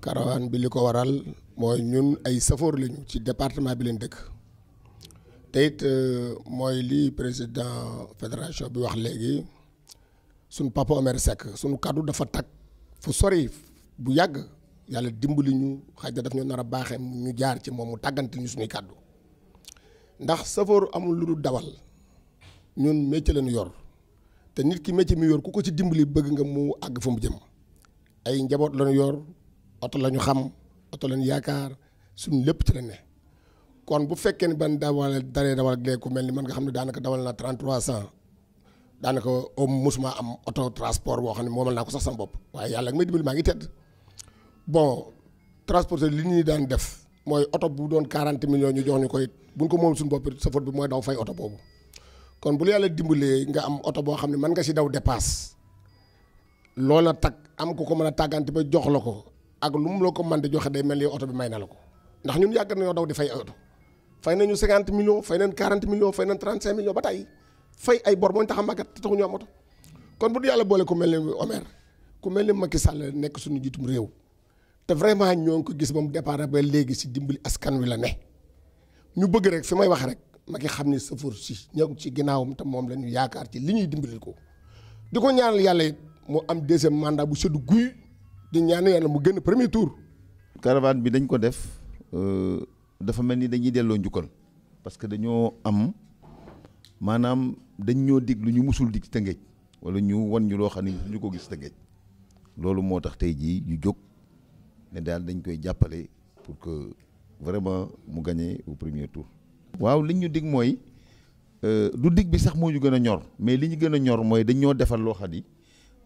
ak bi li ko waral mooy ñun ay safoor lañu ci département bi leen dëkk te it euh, mooy li président fédération bi wax léegi suñ papa Omer Seck suñu kàddu dafa tag fu sori bu yàgg yàlla dimbali ñu xaj na daf ñu nar a baaxee ñu jaar ci moom mu tàggante ñu suñuy kàddu ndax safoor amul lu dul dawal ñun métier lañu yor te nit ki métier mi yor ku ko ci dimbali bëgg nga mu àgg fa mu jëm ay njaboot lañu yor auto lañu xam auto lañu yaakar suñ lepp ci la ne kon bu fekke ni ban dawal dare dawal ak leku melni man nga xam ne daanaka dawal na 3300 danaka om musuma am auto transport bo xam ne moomal naa ko sax sama bop waye yalla ak may dimbali ma ngi tedd bon transporteur li ni daan def moy auto bu doon 40 millions ñu jox ni koy buñ ko moom suñu sa fot bi moy daw fay auto bobu kon bu yalla yàlla nga am auto bo xam man mën nga si daw dépasse lola tak am ko ko meuna a ba jox lako ak lu mu la ko mën di joxe day mel ni oto bi may na ko ndax ñun yàgg nañoo daw di fay oto fay nañu cinquante millions fay nañ quarante millions fay nañ trente cinq millions ba tey fay ay bor moo ñu tax a màggat te taxuñu am oto kon bu yàlla boole ku mel ni Omer ku mel ni Macky Sall nekk suñu jiitum réew te vraiment ñoo ngi ko gis ba mu départ ba léegi si dimbali askan wi la ne ñu bëgg rek fi may wax rek mag Macky xam ni sëfur si ñëw ci ginnaawam te moom la ñu yaakaar ci li ñuy dimbali ko ko ñaanal yàlla it am deuxième mandat bu sëddu guy. di ñaan yàlla mu gën a premier tour. caravane bi dañ ko def euh, dafa mel ni dañuy delloo njukkal parce que dañoo am maanaam dañ ñoo dig lu ñu musul dig tëngéej wala ñu wan ñu loo xam ne ñu ko gis tëngéej loolu moo tax tey jii ñu jóg ne daal dañ koy jàppale pour que vraiment mu gagné au premier tour. waaw li ñu digg mooy euh, du dig bi sax moo ñu gën a ñor mais li ñu gën a ñor mooy dañ ñoo defal loo xam ni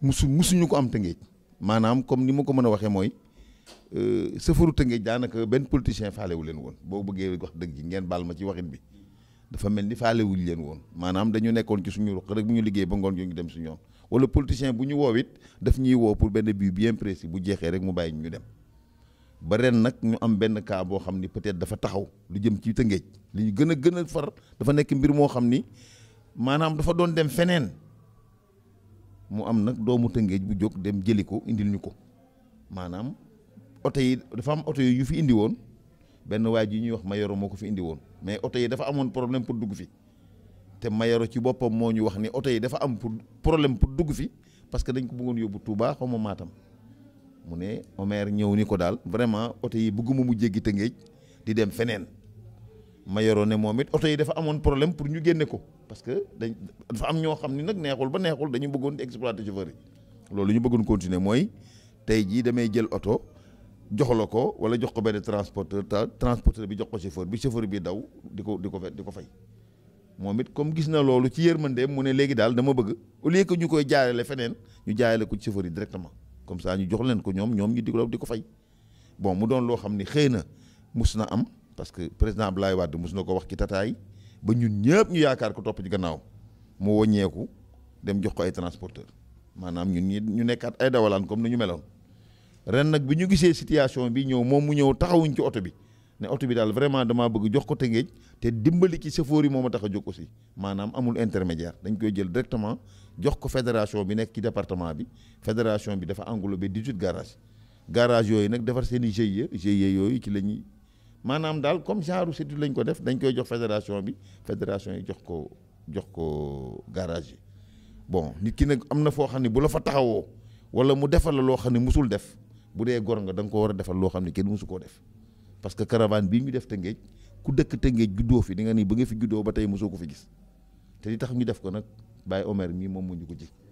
musu musuñu ko am tëngéej. maanaam comme ni ma ko mën a waxee mooy euh, sëfaru Tëngéej daanaka benn politicien faalewu leen woon boo bëggee wax dëgg ji ngeen baal ma ci waxin bi dafa mel ni faalewuñ leen woon maanaam dañu nekkoon ci suñu ruq rek bu ñu liggéey ba ngoon ñu dem su ñoom wala politicien bu ñu woow it daf ñuy woo pour benn but bien précis bu jeexee rek mu bàyyi ñu dem ba ren nag ñu am benn cas boo xam ni peut-être dafa taxaw lu jëm ci Tëngéej li ñu gën a gën a far dafa nekk mbir moo xam ni maanaam dafa doon dem feneen mu am nag doomu tëngéej bu jóg dem jëli ko indil ñu ko maanaam oto yi dafa am oto yu fi indi woon benn waay ji ñuy wax Mayoro moo ko fi indi woon mais oto yi dafa amoon problème pour dugg fi te Mayoro ci boppam moo ñu wax ni oto yi dafa am pour problème pour dugg fi parce que dañ ko buggoon yóbbu Touba xaw ma Matam mu ne Omer ñëw ni ko daal vraiment oto yi bugguma mu jéggi tëngéej di dem feneen ma yoroo ne moom it oto yi dafa amoon problème pour ñu génne ko parce que dañ dafa am ñoo xam ni nag neexul ba neexul dañu bëggoon di exploiter chauffeur yi loolu ñu bëggoon continuer mooy tey jii damay jël oto jox la ko wala jox ko benn transporteur transporteur bi jox ko chauffeur bi chauffeur bi daw di ko di ko di ko fay moom it comme gis na loolu ci yërmandeem mu ne léegi daal dama bëgg au lieu que ñu koy jaarale feneen ñu jaayale ko ci chauffeur yi directement comme ça jox leen ko ñoom ñoom ñu di di ko fay bon mu doon loo xam ni xëy na mus na am. parce que président Abdoulaye Wade mos na ko wax ci tataay ba ñun ñëpp ñu yaakaar ko topp ci gannaaw mu wàññeeku dem jox ko ay transporteur maanaam ñun ñi ñu nekkaat ay dawalaan comme ni ñu meloon ren nag bi ñu gisee situation bi ñëw moom mu ñëw taxawuñ ci oto bi ne oto bi daal vraiment damaa bëgg jox ko tëngéej te dimbali ci chauffeur yi moom ma tax a jóg aussi maanaam amul intermédiaire dañ koy jël directement jox ko fédération bi nekk ci département bi fédération bi dafa englobé 18 garages garage yooyu nag defar seen i GIE GIE yooyu ci la ñuy maanaam daal comme genre CETUD lañ ko def dañ koy jox fédération bi fédération yi jox ko jox ko garage bon nit ki nag am na foo xam ne bu la fa taxawoo wala mu defal la loo xam ne musul def bu dee gor nga da ko war a defal loo xam ne kenn musu koo def parce que caravane bii ñu def Tëngéej ku dëkk Tëngéej juddoo fi di nga ni ba nga fi juddoo ba tey mosoo ko fi gis te li tax ñu def ko nag bàyyi Omer mii moom mu ñu ko ji